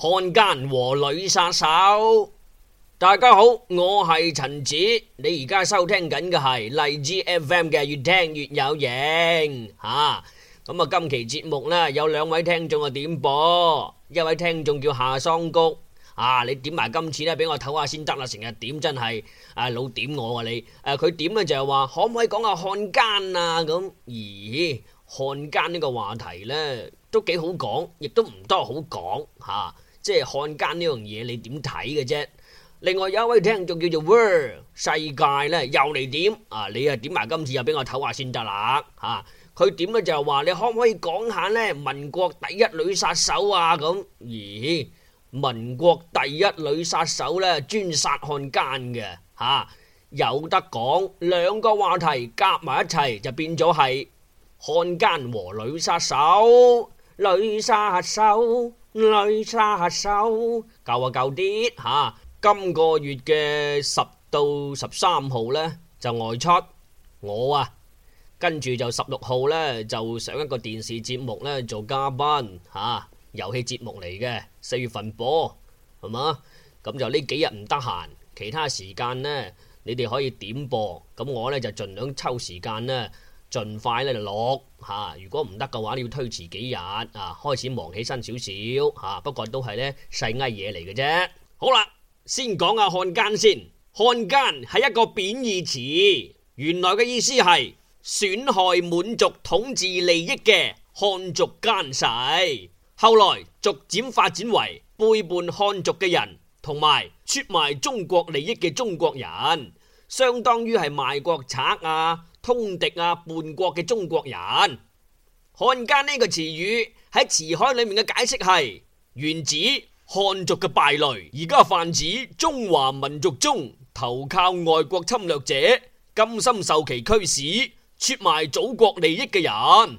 漢奸和女殺手，大家好，我係陳子，你而家收聽緊嘅係荔枝 FM 嘅越聽越有型吓。咁啊，今期節目呢，有兩位聽眾啊點播，一位聽眾叫夏桑菊啊，你點埋今次呢，俾我唞下先得啦。成日點真係啊，老點我啊你誒，佢點呢就係話可唔可以講下漢奸啊咁？咦，漢奸呢個話題呢都幾好講，亦都唔多好講吓。即係漢奸呢樣嘢，你點睇嘅啫？另外有一位聽眾叫做 World 世界咧，又嚟點啊？你啊點埋今次又俾我唞下先得啦吓，佢、啊、點嘅就係、是、話你可唔可以講下咧？民國第一女殺手啊咁？咦，民國第一女殺手咧專殺漢奸嘅吓、啊，有得講。兩個話題夾埋一齊就變咗係漢奸和女殺手，女殺手。女殺手，教啊教啲吓。今個月嘅十到十三號呢，就外出，我啊跟住就十六號呢，就上一個電視節目呢做嘉賓吓，遊戲節目嚟嘅，四月份播係嘛。咁就呢幾日唔得閒，其他時間呢，你哋可以點播，咁我呢，就盡量抽時間呢。盡快咧就落嚇，如果唔得嘅話，你要推遲幾日啊。開始忙起身少少嚇，不過都係咧細埃嘢嚟嘅啫。矮矮好啦，先講下漢奸先。漢奸係一個貶義詞，原來嘅意思係損害滿族統治利益嘅漢族奸細，後來逐漸發展為背叛漢族嘅人，同埋出賣中國利益嘅中國人，相當於係賣國賊啊。通敵啊，叛國嘅中國人，漢奸呢個詞語喺詞海裏面嘅解釋係原指漢族嘅敗類，而家泛指中華民族中投靠外國侵略者、甘心受其驅使、出賣祖國利益嘅人。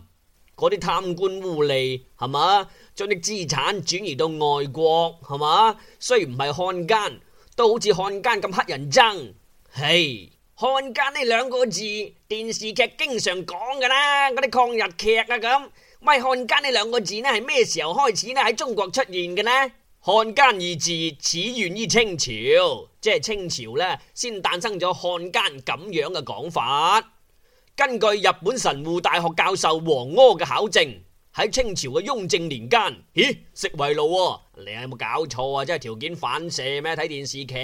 嗰啲貪官污吏係嘛，將啲資產轉移到外國係嘛，雖然唔係漢奸，都好似漢奸咁乞人憎，嘿。漢奸呢兩個字，電視劇經常講噶啦，嗰啲抗日劇啊咁。咪漢奸呢兩個字呢係咩時候開始呢？喺中國出現嘅呢？漢奸二字始源於清朝，即係清朝呢先誕生咗漢奸咁樣嘅講法。根據日本神戶大學教授王柯嘅考證。喺清朝嘅雍正年間，咦，食為奴啊？你有冇搞錯啊？即係條件反射咩？睇電視劇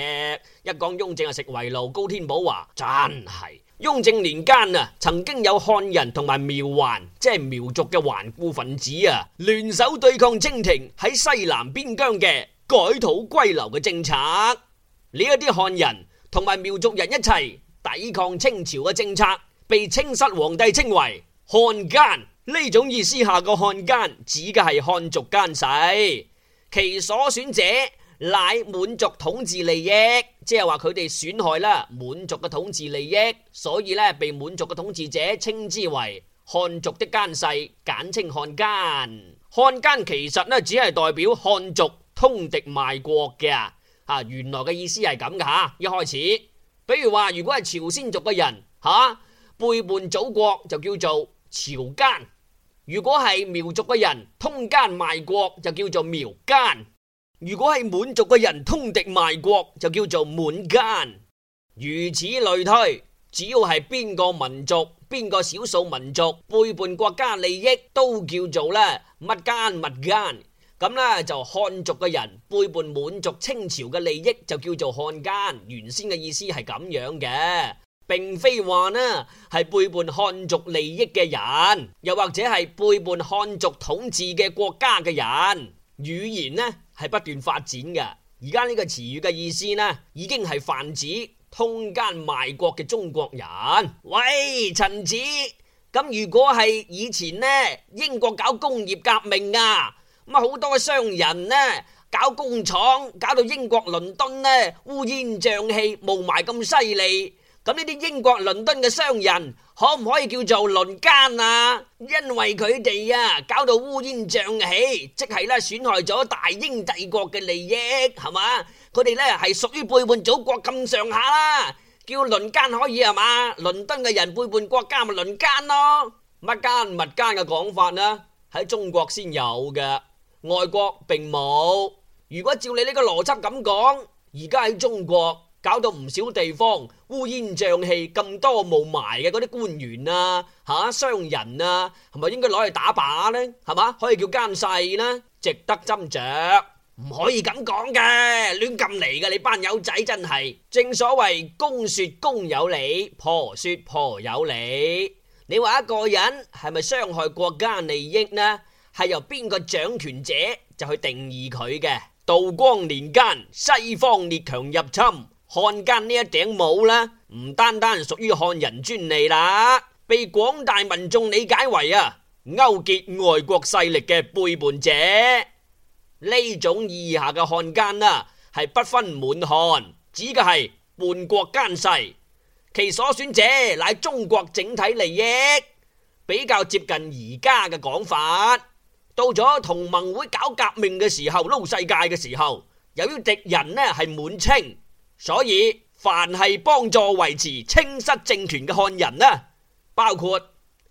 一講雍正就食為奴，高天寶話真係雍正年間啊，曾經有漢人同埋苗患，即係苗族嘅頑固分子啊，聯手對抗清廷喺西南邊疆嘅改土歸流嘅政策。呢一啲漢人同埋苗族人一齊抵抗清朝嘅政策，被清室皇帝稱為漢奸。呢種意思下，個漢奸指嘅係漢族奸細，其所選者乃滿族統治利益，即係話佢哋損害啦滿族嘅統治利益，所以咧被滿族嘅統治者稱之為漢族的奸細，簡稱漢奸。漢奸其實咧只係代表漢族通敵賣國嘅，吓，原來嘅意思係咁嘅吓。一開始，比如話如果係朝鮮族嘅人吓、啊、背叛祖國就叫做朝奸。如果係苗族嘅人通奸賣國，就叫做苗奸；如果係滿族嘅人通敵賣國，就叫做滿奸。如此類推，只要係邊個民族、邊個少數民族背叛國家利益，都叫做咧乜奸乜奸。咁咧就漢族嘅人背叛滿族清朝嘅利益，就叫做漢奸。原先嘅意思係咁樣嘅。並非話呢係背叛漢族利益嘅人，又或者係背叛漢族統治嘅國家嘅人。語言呢係不斷發展嘅，而家呢個詞語嘅意思呢已經係泛指通奸賣國嘅中國人。喂，陳子，咁如果係以前呢，英國搞工業革命啊，咁啊好多商人呢搞工廠，搞到英國倫敦呢烏煙瘴氣、霧霾咁犀利。霧霧咁呢啲英國倫敦嘅商人可唔可以叫做倫奸啊？因為佢哋啊搞到烏煙瘴氣，即係咧損害咗大英帝國嘅利益，係嘛？佢哋咧係屬於背叛祖國咁上下啦，叫倫奸可以係嘛？倫敦嘅人背叛國家咪倫奸咯？乜奸物奸嘅講法咧喺中國先有嘅，外國並冇。如果照你呢個邏輯咁講，而家喺中國。搞到唔少地方烏煙瘴氣，咁多霧霾嘅嗰啲官員啊，吓商人啊，係咪應該攞去打靶呢？係嘛，可以叫奸細呢，值得斟酌，唔可以咁講嘅，亂咁嚟嘅。你班友仔真係正所謂公說公有理，婆說婆有理。你話一個人係咪傷害國家利益呢？係由邊個掌權者就去定義佢嘅。道光年間，西方列強入侵。漢奸呢一頂帽啦，唔單單屬於漢人專利啦，被廣大民眾理解為啊勾結外國勢力嘅背叛者呢種意義下嘅漢奸啊，係不分滿漢，指嘅係叛國奸細，其所選者乃中國整體利益，比較接近而家嘅講法。到咗同盟會搞革命嘅時候，撈世界嘅時候，由於敵人呢係滿清。所以，凡係幫助維持清室政權嘅漢人呢，包括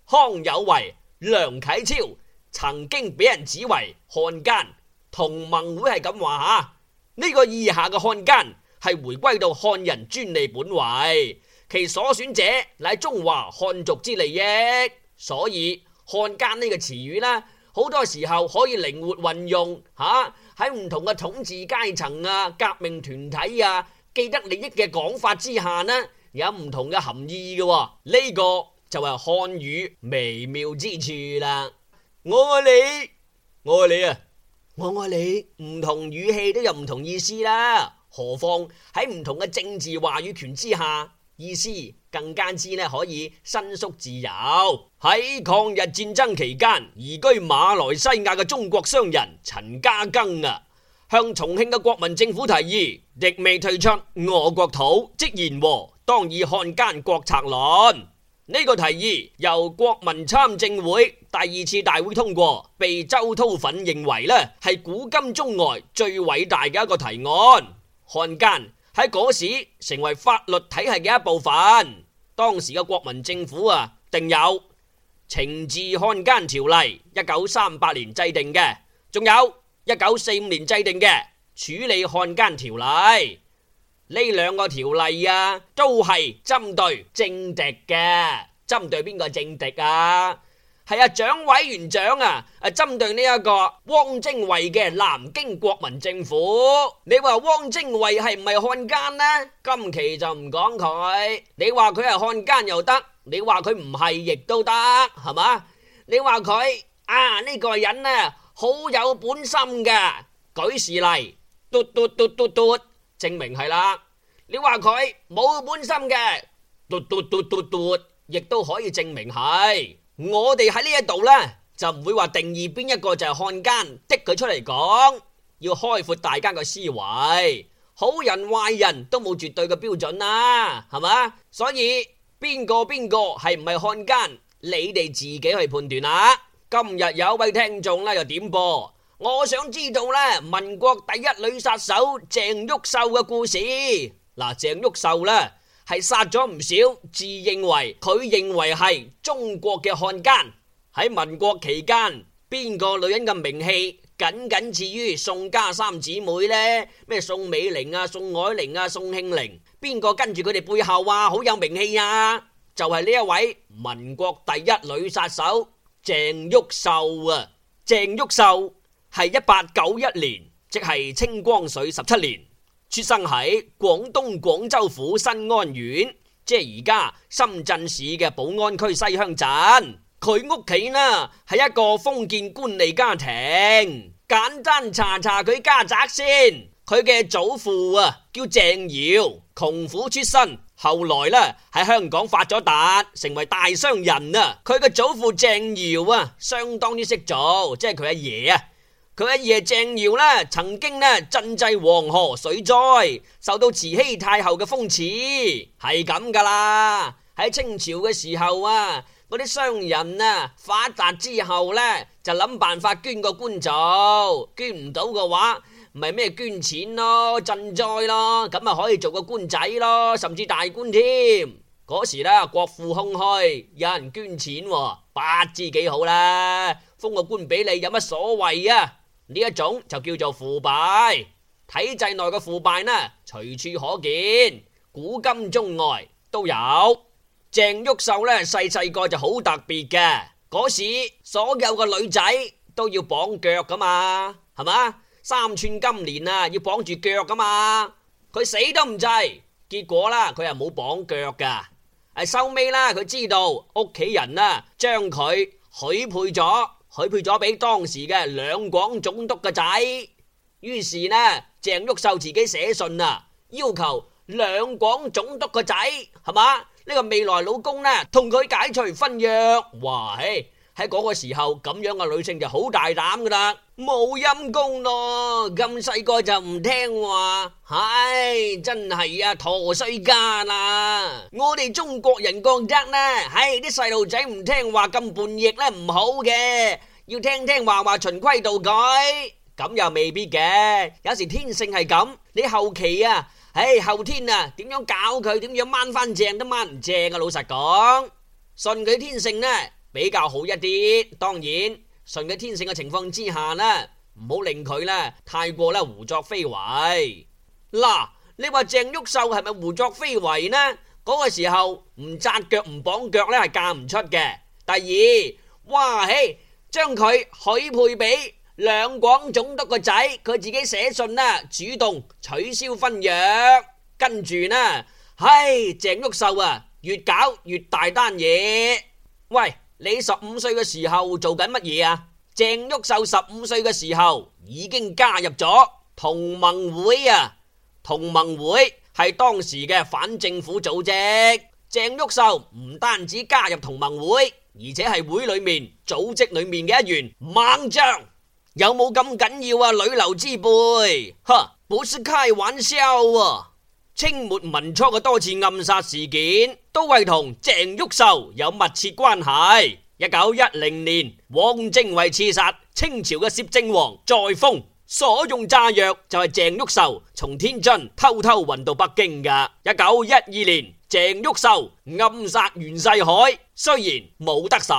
康有為、梁啟超，曾經俾人指為漢奸。同盟會係咁話吓，呢個以下嘅漢奸係回歸到漢人專利本位，其所選者乃中華漢族之利益。所以，漢奸呢個詞語呢，好多時候可以靈活運用吓，喺啊，唔同嘅統治階層啊、革命團體啊。記得利益嘅講法之下呢，有唔同嘅含義嘅，呢、這個就係漢語微妙之處啦。我愛你，我愛你啊，我愛你，唔同語氣都有唔同意思啦。何況喺唔同嘅政治話語權之下，意思更加之呢，可以伸縮自由。喺抗日戰爭期間，移居馬來西亞嘅中國商人陳嘉庚啊。向重慶嘅國民政府提議，亦未退出我國土，即言和，當以漢奸國賊論。呢、這個提議由國民參政會第二次大會通過，被周濤粉認為呢係古今中外最偉大嘅一個提案。漢奸喺嗰時成為法律體系嘅一部分。當時嘅國民政府啊，定有懲治漢奸條例，一九三八年制定嘅，仲有。一九四五年制定嘅《處理漢奸條例》，呢兩個條例啊，都係針對政敵嘅。針對邊個政敵啊？係阿蔣委員長啊，誒，針對呢一個汪精衛嘅南京國民政府。你話汪精衛係唔係漢奸呢？今期就唔講佢。你話佢係漢奸又得，你話佢唔係亦都得，係嘛？你話佢啊呢個人啊？好有本心嘅，舉事例，嘟嘟嘟嘟嘟，證明係啦。你話佢冇本心嘅，嘟嘟嘟嘟嘟，亦都可以證明係。我哋喺呢一度呢，就唔會話定義邊一個就係漢奸，的佢出嚟講，要開闊大家嘅思維，好人壞人都冇絕對嘅標準啦，係嘛？所以邊個邊個係唔係漢奸，你哋自己去判斷啦。今日有一位聽眾咧，又點播？我想知道咧，民國第一女殺手鄭玉秀嘅故事。嗱、呃，鄭玉秀咧係殺咗唔少，自認為佢認為係中國嘅漢奸，喺民國期間，邊個女人嘅名氣僅僅次於宋家三姊妹呢？咩宋美齡啊、宋靄齡啊、宋慶齡、啊？邊個跟住佢哋背後話、啊、好有名氣啊？就係、是、呢一位民國第一女殺手。鄭毓秀啊，鄭毓秀係一八九一年，即係清光緒十七年，出生喺廣東廣州府新安縣，即係而家深圳市嘅寶安區西鄉鎮。佢屋企呢係一個封建官吏家庭，簡單查查佢家宅先。佢嘅祖父啊叫鄭堯，窮苦出身。後來啦，喺香港發咗達，成為大商人啊！佢嘅祖父鄭堯啊，相當之識做，即係佢阿爺啊！佢阿爺，爺鄭堯啦，曾經呢賑濟黃河水災，受到慈禧太后嘅封賜，係咁噶啦！喺清朝嘅時候啊，嗰啲商人啊發達之後咧，就諗辦法捐個官做，捐唔到嘅話，唔係咩捐錢咯，賑災咯，咁咪可以做個官仔咯，甚至大官添。嗰時咧國庫空虛，有人捐錢，八知幾好啦。封個官俾你有乜所謂啊？呢一種就叫做腐敗。體制內嘅腐敗呢，隨處可見，古今中外都有。鄭玉秀呢，細細個就好特別嘅。嗰時所有嘅女仔都要綁腳噶嘛，係嘛？三寸金蓮啊，要綁住腳噶嘛，佢死都唔制，結果啦，佢係冇綁腳噶，係收尾啦，佢知道屋企人啊將佢許配咗，許配咗俾當時嘅兩廣總督個仔，於是呢，鄭玉秀自己寫信啊，要求兩廣總督個仔係嘛，呢個未來老公呢同佢解除婚約，喂！喺嗰個時候，咁樣嘅女性就好大膽噶啦，冇陰功咯，咁細個就唔聽話，唉，真係啊陀衰家啦！我哋中國人覺得呢，唉，啲細路仔唔聽話咁叛逆呢，唔好嘅，要聽聽話話循規蹈矩，咁又未必嘅，有時天性係咁，你後期啊，唉後天啊，點樣搞佢，點樣掹翻正都掹唔正啊！老實講，順佢天性呢。比較好一啲，當然順嘅天性嘅情況之下呢，唔好令佢呢太過咧胡作非為。嗱，你話鄭毓秀係咪胡作非為呢？嗰個時候唔紮腳唔綁腳呢係嫁唔出嘅。第二，哇嘿，將佢許配俾兩廣總督個仔，佢自己寫信呢主動取消婚約，跟住呢，唉，鄭毓秀啊，越搞越大單嘢，喂。你十五歲嘅時候做緊乜嘢啊？鄭玉秀十五歲嘅時候已經加入咗同盟會啊！同盟會係當時嘅反政府組織。鄭玉秀唔單止加入同盟會，而且係會裏面組織裏面嘅一員猛將。有冇咁緊要啊？女流之輩，哈，不是開玩笑啊。清末民初嘅多次暗殺事件都係同鄭毓秀有密切關係。一九一零，年，汪精衛刺殺清朝嘅攝政王載灃，所用炸藥就係鄭毓秀從天津偷偷運到北京嘅。一九一二年，鄭毓秀暗殺袁世凱，雖然冇得手，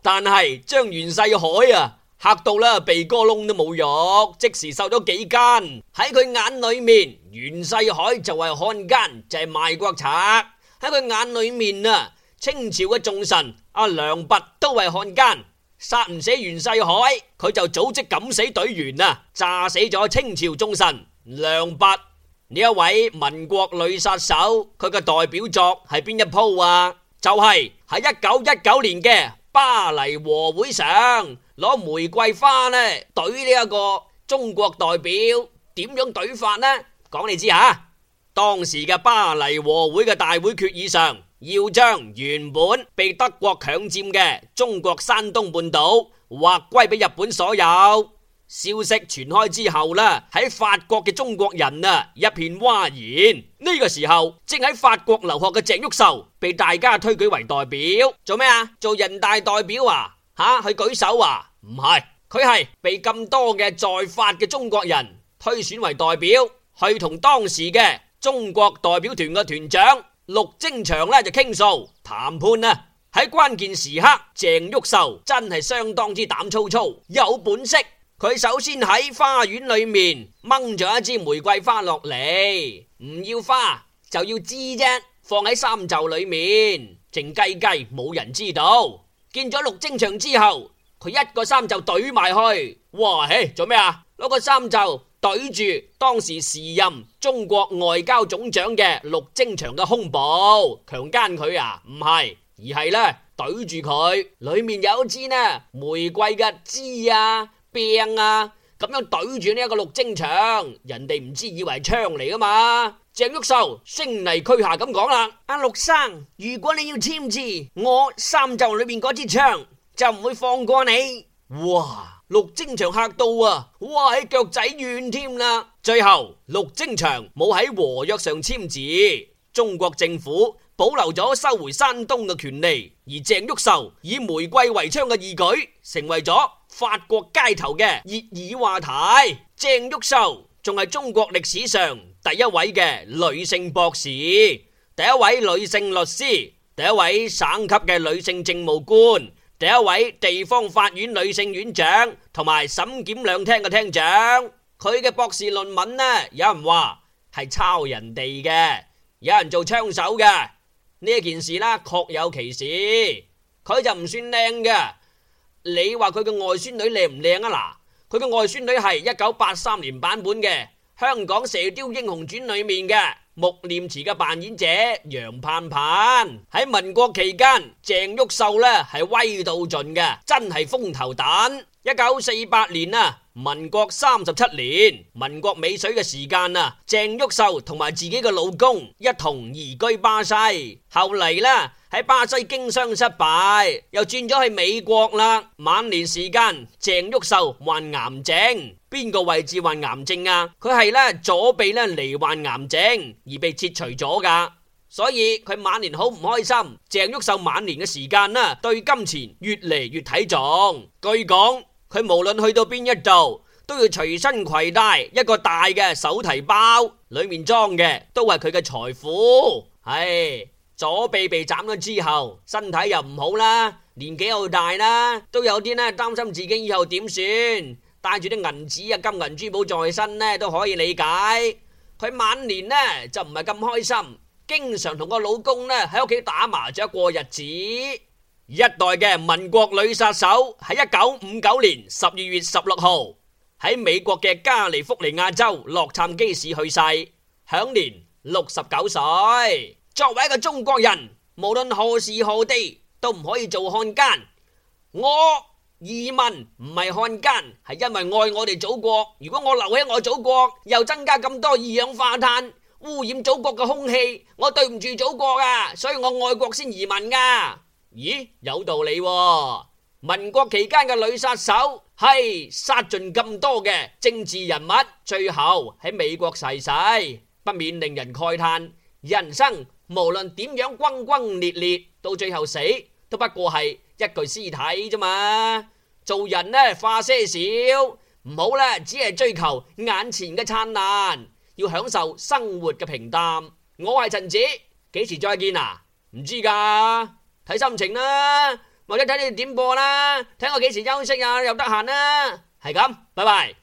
但係將袁世凱啊嚇到啦，鼻哥窿都冇肉，即時瘦咗幾斤。喺佢眼裏面。袁世凱就係漢奸，就係賣國賊。喺佢眼裏面啊，清朝嘅重臣阿良弼都係漢奸，殺唔死袁世凱，佢就組織敢死隊員啊，炸死咗清朝重臣良弼。呢一位民國女殺手，佢嘅代表作係邊一鋪啊？就係喺一九一九年嘅巴黎和會上，攞玫瑰花呢懟呢一個中國代表，點樣懟法呢？講你知吓，當時嘅巴黎和會嘅大會決議上，要將原本被德國強佔嘅中國山東半島劃歸俾日本所有。消息傳開之後呢，喺法國嘅中國人啊，一片嘩然。呢、呢個時候正喺法國留學嘅鄭毓秀被大家推舉為代表做咩啊？做人大代表啊吓、啊、去舉手啊？唔係佢係被咁多嘅在法嘅中國人推選為代表。去同當時嘅中國代表團嘅團長陸徵祥呢，就傾訴談判啊！喺關鍵時刻，鄭毓秀真係相當之膽粗粗，有本色。佢首先喺花園裏面掹咗一支玫瑰花落嚟，唔要花就要枝啫，放喺衫袖裏面靜雞雞，冇人知道。見咗陸徵祥之後，佢一個衫袖懟埋去，哇嘿！做咩啊？攞個衫袖。懟住當時時任中國外交總長嘅陸徵祥嘅胸部強姦佢啊，唔係，而係呢懟住佢，裏面有一支呢玫瑰嘅枝啊柄啊，咁、啊、樣懟住呢一個陸徵祥，人哋唔知以為係槍嚟噶嘛。鄭毓秀聲淚俱下咁講啦，阿陸、啊、生，如果你要簽字，我衫袖裏面嗰支槍就唔會放過你。哇！陸徵祥嚇到啊！哇，係腳仔軟添啊。最後，陸徵祥冇喺和約上簽字，中國政府保留咗收回山東嘅權利。而鄭毓秀以玫瑰為槍嘅義舉，成為咗法國街頭嘅熱議話題。鄭毓秀仲係中國歷史上第一位嘅女性博士，第一位女性律師，第一位省級嘅女性政務官。第一位地方法院女性院長同埋審檢兩廳嘅廳長，佢嘅博士論文呢，有人話係抄人哋嘅，有人做槍手嘅呢件事啦，確有其事。佢就唔算靚嘅，你話佢嘅外孫女靚唔靚啊？嗱，佢嘅外孫女係一九八三年版本嘅《香港射雕英雄傳》裏面嘅。穆念慈嘅扮演者楊盼盼喺民國期間，鄭毓秀呢係威到盡嘅，真係風頭躉。一九四八年啊，民國三十七年，民國尾水嘅時間啊，鄭毓秀同埋自己嘅老公一同移居巴西後來，後嚟啦喺巴西經商失敗，又轉咗去美國啦。晚年時間，鄭毓秀患癌症。邊個位置患癌症啊？佢係咧左臂咧罹患癌症而被切除咗噶，所以佢晚年好唔開心。鄭旭秀晚年嘅時間啦，對金錢越嚟越睇重。據講，佢無論去到邊一度，都要隨身攜帶一個大嘅手提包，裏面裝嘅都係佢嘅財富。唉，左臂被斬咗之後，身體又唔好啦，年紀又大啦，都有啲咧擔心自己以後點算。帶住啲銀紙啊、金銀珠寶在身呢，都可以理解。佢晚年呢就唔係咁開心，經常同個老公呢喺屋企打麻雀過日子。一代嘅民國女殺手喺一九五九年十二月十六號喺美國嘅加利福尼亞州洛杉磯市去世，享年六十九歲。作為一個中國人，無論何時何地都唔可以做漢奸。我。移民唔係漢奸，係因為愛我哋祖國。如果我留喺我祖國，又增加咁多二氧化碳污染祖國嘅空氣，我對唔住祖國啊！所以我愛國先移民噶。咦，有道理。民國期間嘅女殺手係殺盡咁多嘅政治人物，最後喺美國逝世，不免令人慨嘆：人生無論點樣轟轟烈烈，到最後死都不過係。一具屍體啫嘛，做人呢化些少，唔好呢只係追求眼前嘅燦爛，要享受生活嘅平淡。我係陳子，幾時再見啊？唔知㗎，睇心情啦，或者睇你點播啦，睇我幾時休息啊，又得閒啦，係咁，拜拜。